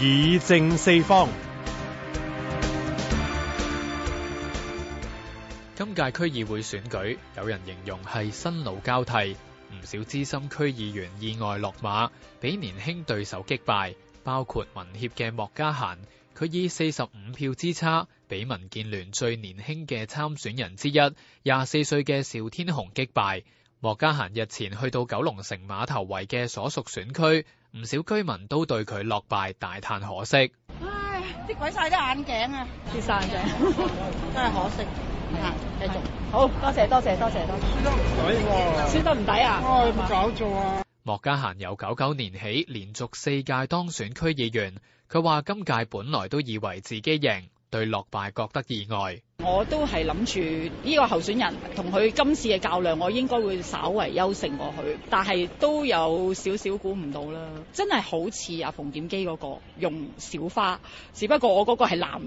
議政四方。今屆區議會選舉，有人形容係新老交替，唔少資深區議員意外落馬，俾年輕對手擊敗。包括民協嘅莫嘉嫻，佢以四十五票之差，俾民建聯最年輕嘅參選人之一廿四歲嘅邵天虹擊敗。莫嘉嫻日前去到九龍城碼頭圍嘅所屬選區。唔少居民都對佢落敗大嘆可惜，唉、哎！啲鬼晒啲眼鏡啊，跌曬鏡，真係可惜、嗯。繼續，好多謝多謝多謝多謝，多謝多謝多謝輸得唔抵喎，輸得唔抵啊！啊，有冇搞錯啊？莫嘉嫻由九九年起連續四屆當選區議員，佢話今屆本來都以為自己贏。對落敗覺得意外，我都係諗住呢個候選人同佢今次嘅較量，我應該會稍為優勝過佢，但係都有少少估唔到啦，真係好似阿馮檢基嗰個用小花，只不過我嗰個係男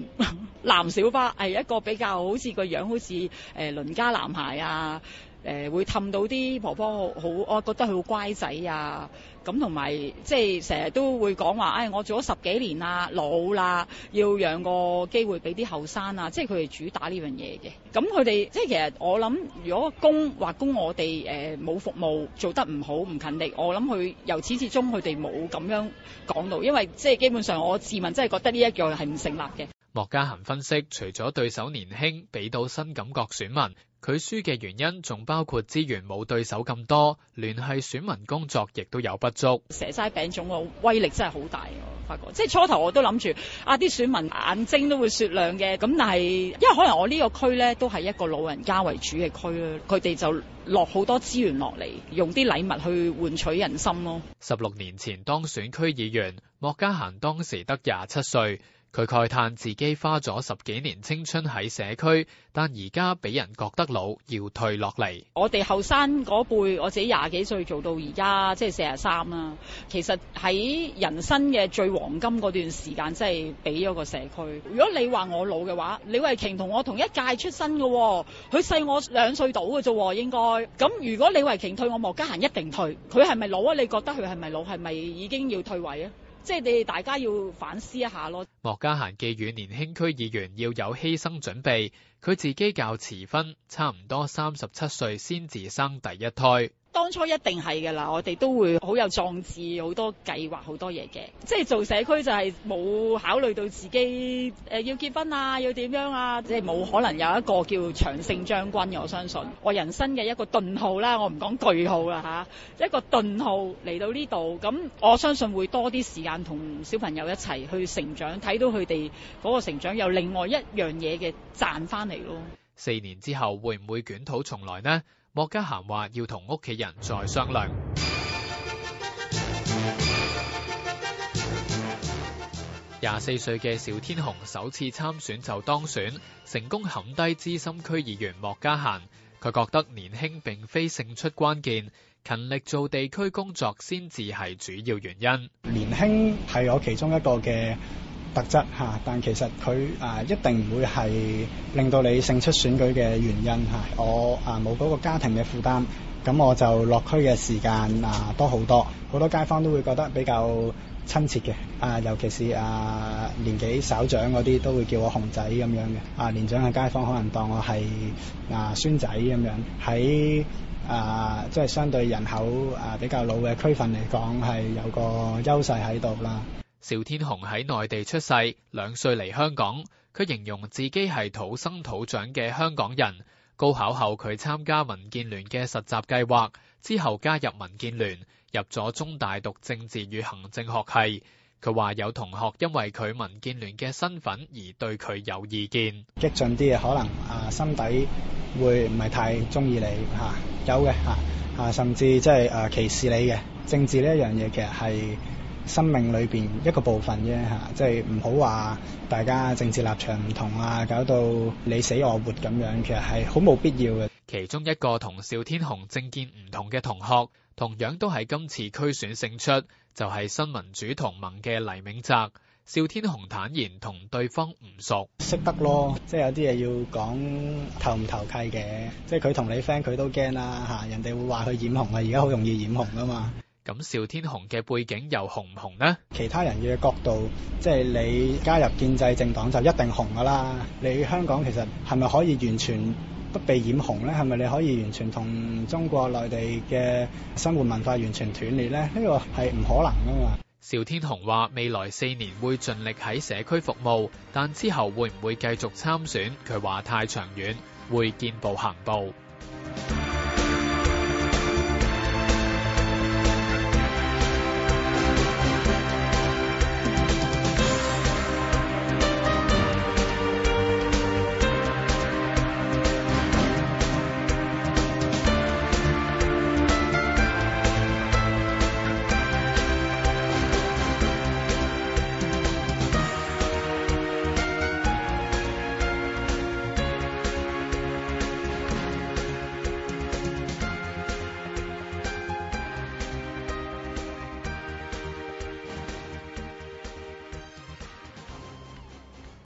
男小花，係一個比較好似個樣，好似誒鄰家男孩啊。誒、呃、會氹到啲婆婆好，我覺得佢好乖仔啊！咁同埋即係成日都會講話，誒、哎、我做咗十幾年啦，老啦，要讓個機會俾啲後生啊！即係佢哋主打呢樣嘢嘅。咁佢哋即係其實我諗，如果供或供我哋誒冇服務做得唔好、唔勤力，我諗佢由始至終佢哋冇咁樣講到，因為即係基本上我自問真係覺得呢一樣係唔成立嘅。莫嘉嫻分析，除咗對手年輕，俾到新感覺選民，佢輸嘅原因仲包括資源冇對手咁多，聯繫選民工作亦都有不足。蛇齋餅種個威力真係好大，發覺即係初頭我都諗住啊，啲選民眼睛都會雪亮嘅，咁但係因為可能我呢個區呢都係一個老人家為主嘅區啦，佢哋就落好多資源落嚟，用啲禮物去換取人心咯。十六年前當選區議員，莫嘉嫻當時得廿七歲。佢慨嘆自己花咗十幾年青春喺社區，但而家俾人覺得老，要退落嚟。我哋後生嗰輩，我自己廿幾歲做到而家，即係四十三啦。其實喺人生嘅最黃金嗰段時間，真係俾咗個社區。如果你話我老嘅話，李慧瓊同我同一屆出身嘅，佢細我兩歲到嘅啫，應該。咁如果李慧瓊退，我莫嘉嫻一定退。佢係咪老啊？你覺得佢係咪老？係咪已經要退位啊？即係你哋大家要反思一下咯。莫嘉嫻寄語年輕區議員要有犧牲準備，佢自己較遲婚，差唔多三十七歲先至生第一胎。當初一定係噶啦，我哋都會好有壯志，好多計劃，好多嘢嘅。即係做社區就係冇考慮到自己誒、呃、要結婚啊，要點樣啊，即係冇可能有一個叫長勝將軍嘅。我相信我人生嘅一個頓號啦，我唔講句號啦吓，一個頓號嚟到呢度，咁我相信會多啲時間同小朋友一齊去成長，睇到佢哋嗰個成長，有另外一樣嘢嘅賺翻嚟咯。四年之後會唔會捲土重來呢？莫嘉嫻話要同屋企人再商量。廿四歲嘅邵天虹首次參選就當選，成功冚低資深區議員莫嘉嫻。佢覺得年輕並非勝出關鍵，勤力做地區工作先至係主要原因。年輕係我其中一個嘅。特質嚇、啊，但其實佢啊一定唔會係令到你勝出選舉嘅原因嚇、啊。我啊冇嗰個家庭嘅負擔，咁我就落區嘅時間啊多好多，好多街坊都會覺得比較親切嘅啊，尤其是啊年紀稍長嗰啲都會叫我虹仔咁樣嘅啊，年長嘅街坊可能當我係啊孫仔咁樣喺啊，即係相對人口啊比較老嘅區份嚟講係有個優勢喺度啦。啊邵天虹喺內地出世，兩歲嚟香港。佢形容自己係土生土長嘅香港人。高考後佢參加民建聯嘅實習計劃，之後加入民建聯，入咗中大讀政治與行政學系。佢話有同學因為佢民建聯嘅身份而對佢有意見，激進啲嘅可能啊心底會唔係太中意你吓，有嘅吓啊，甚至即係誒歧視你嘅政治呢一樣嘢，其實係。生命裏邊一個部分啫嚇，即係唔好話大家政治立場唔同啊，搞到你死我活咁樣，其實係好冇必要嘅。其中一個同邵天虹政見唔同嘅同學，同樣都係今次區選勝出，就係、是、新民主同盟嘅黎銘澤。邵天虹坦言同對方唔熟，識得咯，即係有啲嘢要講投唔投契嘅，即係佢同你 friend 佢都驚啦嚇，人哋會話佢染紅啊，而家好容易染紅噶嘛。咁邵天虹嘅背景又紅唔紅呢？其他人嘅角度，即係你加入建制政黨就一定紅噶啦。你香港其實係咪可以完全不被染紅呢？係咪你可以完全同中國內地嘅生活文化完全斷裂呢？呢個係唔可能噶嘛。邵天虹話未來四年會盡力喺社區服務，但之後會唔會繼續參選？佢話太長遠，會見步行步。